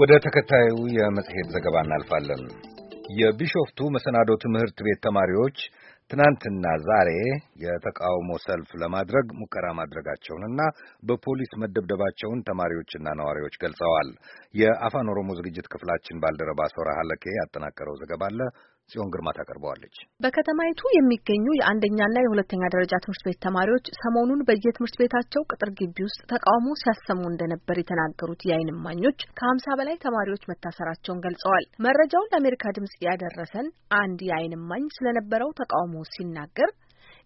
ወደ ተከታዩ የመጽሔት ዘገባ እናልፋለን። የቢሾፍቱ መሰናዶ ትምህርት ቤት ተማሪዎች ትናንትና ዛሬ የተቃውሞ ሰልፍ ለማድረግ ሙከራ ማድረጋቸውንና በፖሊስ መደብደባቸውን ተማሪዎችና ነዋሪዎች ገልጸዋል። የአፋን ኦሮሞ ዝግጅት ክፍላችን ባልደረባ ሶራ ሀለኬ ያጠናቀረው ዘገባ አለ። ጽዮን ግርማ ታቀርበዋለች። በከተማይቱ የሚገኙ የአንደኛና የሁለተኛ ደረጃ ትምህርት ቤት ተማሪዎች ሰሞኑን በየትምህርት ቤታቸው ቅጥር ግቢ ውስጥ ተቃውሞ ሲያሰሙ እንደነበር የተናገሩት የዓይን እማኞች ከሀምሳ በላይ ተማሪዎች መታሰራቸውን ገልጸዋል። መረጃውን ለአሜሪካ ድምጽ ያደረሰን አንድ የዓይን እማኝ ስለነበረው ተቃውሞ ሲናገር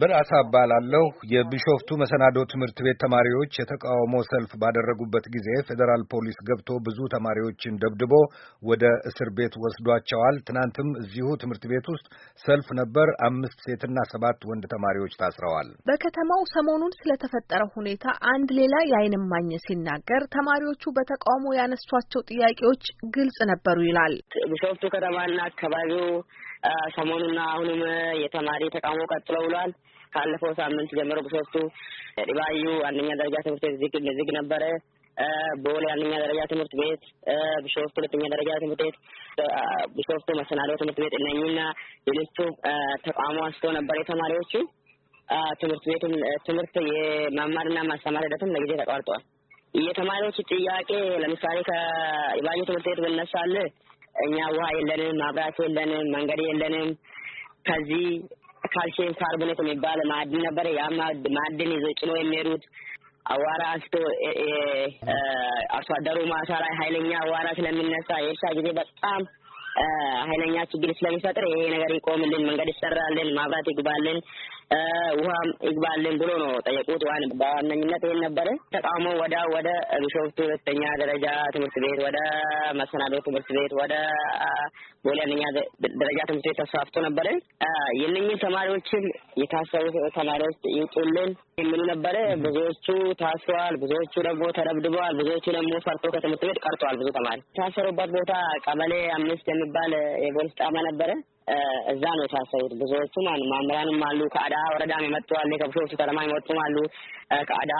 በራስ አባላለሁ የቢሾፍቱ መሰናዶ ትምህርት ቤት ተማሪዎች የተቃውሞ ሰልፍ ባደረጉበት ጊዜ ፌዴራል ፖሊስ ገብቶ ብዙ ተማሪዎችን ደብድቦ ወደ እስር ቤት ወስዷቸዋል። ትናንትም እዚሁ ትምህርት ቤት ውስጥ ሰልፍ ነበር። አምስት ሴትና ሰባት ወንድ ተማሪዎች ታስረዋል። በከተማው ሰሞኑን ስለተፈጠረው ሁኔታ አንድ ሌላ የዓይን እማኝ ሲናገር ተማሪዎቹ በተቃውሞ ያነሷቸው ጥያቄዎች ግልጽ ነበሩ ይላል። ቢሾፍቱ ከተማና አካባቢው ሰሞኑና አሁንም የተማሪ ተቃውሞ ቀጥሎ ብሏል። ካለፈው ሳምንት ጀምሮ ብሶፍቱ ዲባዩ አንደኛ ደረጃ ትምህርት ቤት ዝግ ነበረ። ቦሌ አንደኛ ደረጃ ትምህርት ቤት፣ ቢሾፍቱ ሁለተኛ ደረጃ ትምህርት ቤት፣ ቢሾፍቱ መሰናዶ ትምህርት ቤት እነኝና ሌሎቹ ተቃውሞ አንስቶ ነበር የተማሪዎቹ። ትምህርት ቤቱም ትምህርት የመማርና ማስተማር ሂደትም ለጊዜ ተቋርጧል። የተማሪዎች ጥያቄ ለምሳሌ ከኢባዩ ትምህርት ቤት ብነሳል እኛ ውሃ የለንም፣ ማብራት የለንም፣ መንገድ የለንም። ከዚህ ካልሽየም ካርቦኔት የሚባል ማዕድን ነበረ። ያ ማዕድን ይዞ ጭኖ የሚሄዱት አዋራ አንስቶ አርሶ አደሩ ማሳ ላይ ኃይለኛ አዋራ ስለሚነሳ የእርሻ ጊዜ በጣም ኃይለኛ ችግር ስለሚፈጥር ይሄ ነገር ይቆምልን፣ መንገድ ይሰራልን፣ ማብራት ይግባልን፣ ውሃ ይግባልን ብሎ ነው ጠየቁት። ዋን በዋነኝነት ይሄን ነበረ ተቃውሞ ወደ ወደ ቢሾፍቱ ሁለተኛ ደረጃ ትምህርት ቤት፣ ወደ መሰናዶ ትምህርት ቤት፣ ወደ ቦሌ አንደኛ ደረጃ ትምህርት ቤት ተስፋፍቶ ነበረ። የእነኝን ተማሪዎችን የታሰሩ ተማሪዎች ይውጡልን የሚሉ ነበረ። ብዙዎቹ ታስረዋል፣ ብዙዎቹ ደግሞ ተደብድበዋል፣ ብዙዎቹ ደግሞ ፈርቶ ከትምህርት ቤት ቀርተዋል። ብዙ ተማሪ ታሰሩበት ቦታ ቀበሌ አምስት የሚባል የፖሊስ ጣማ ነበረ። እዛ ነው የታሰሩት። ብዙዎቹ ማን መምህራንም አሉ፣ ከአዳ ወረዳም የመጡ አሉ፣ ከብሾፍቱ ከተማ የመጡም አሉ፣ ከአዳ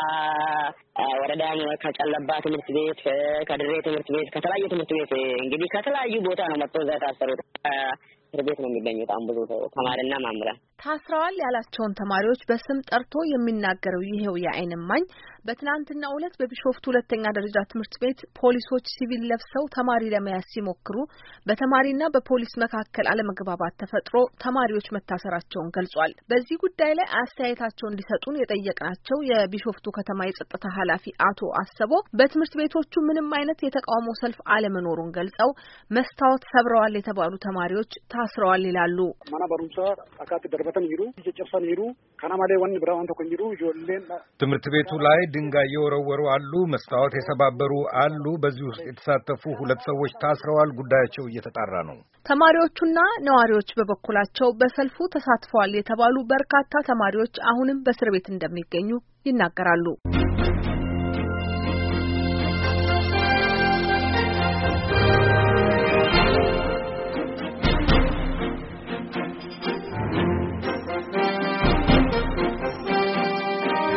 ወረዳ ከጨለባ ትምህርት ቤት፣ ከድሬ ትምህርት ቤት፣ ከተለያዩ ትምህርት ቤት እንግዲህ ከተለያዩ ቦታ ነው መጥቶ እዛ የታሰሩት። እስር ቤት ነው የሚገኙ በጣም ብዙ ተማሪና መምህራን ታስረዋል ያላቸውን ተማሪዎች በስም ጠርቶ የሚናገረው ይሄው የአይን እማኝ በትናንትናው ዕለት በቢሾፍቱ ሁለተኛ ደረጃ ትምህርት ቤት ፖሊሶች ሲቪል ለብሰው ተማሪ ለመያዝ ሲሞክሩ በተማሪና በፖሊስ መካከል አለመግባባት ተፈጥሮ ተማሪዎች መታሰራቸውን ገልጿል። በዚህ ጉዳይ ላይ አስተያየታቸው እንዲሰጡን የጠየቅናቸው የቢሾፍቱ ከተማ የጸጥታ ኃላፊ አቶ አሰቦ በትምህርት ቤቶቹ ምንም አይነት የተቃውሞ ሰልፍ አለመኖሩን ገልጸው መስታወት ሰብረዋል የተባሉ ተማሪዎች ታስረዋል ይላሉ። ትምህርት ቤቱ ላይ ድንጋይ የወረወሩ አሉ፣ መስታወት የሰባበሩ አሉ። በዚህ ውስጥ የተሳተፉ ሁለት ሰዎች ታስረዋል። ጉዳያቸው እየተጣራ ነው። ተማሪዎቹና ነዋሪዎች በበኩላቸው በሰልፉ ተሳትፈዋል የተባሉ በርካታ ተማሪዎች አሁንም በእስር ቤት እንደሚገኙ ይናገራሉ።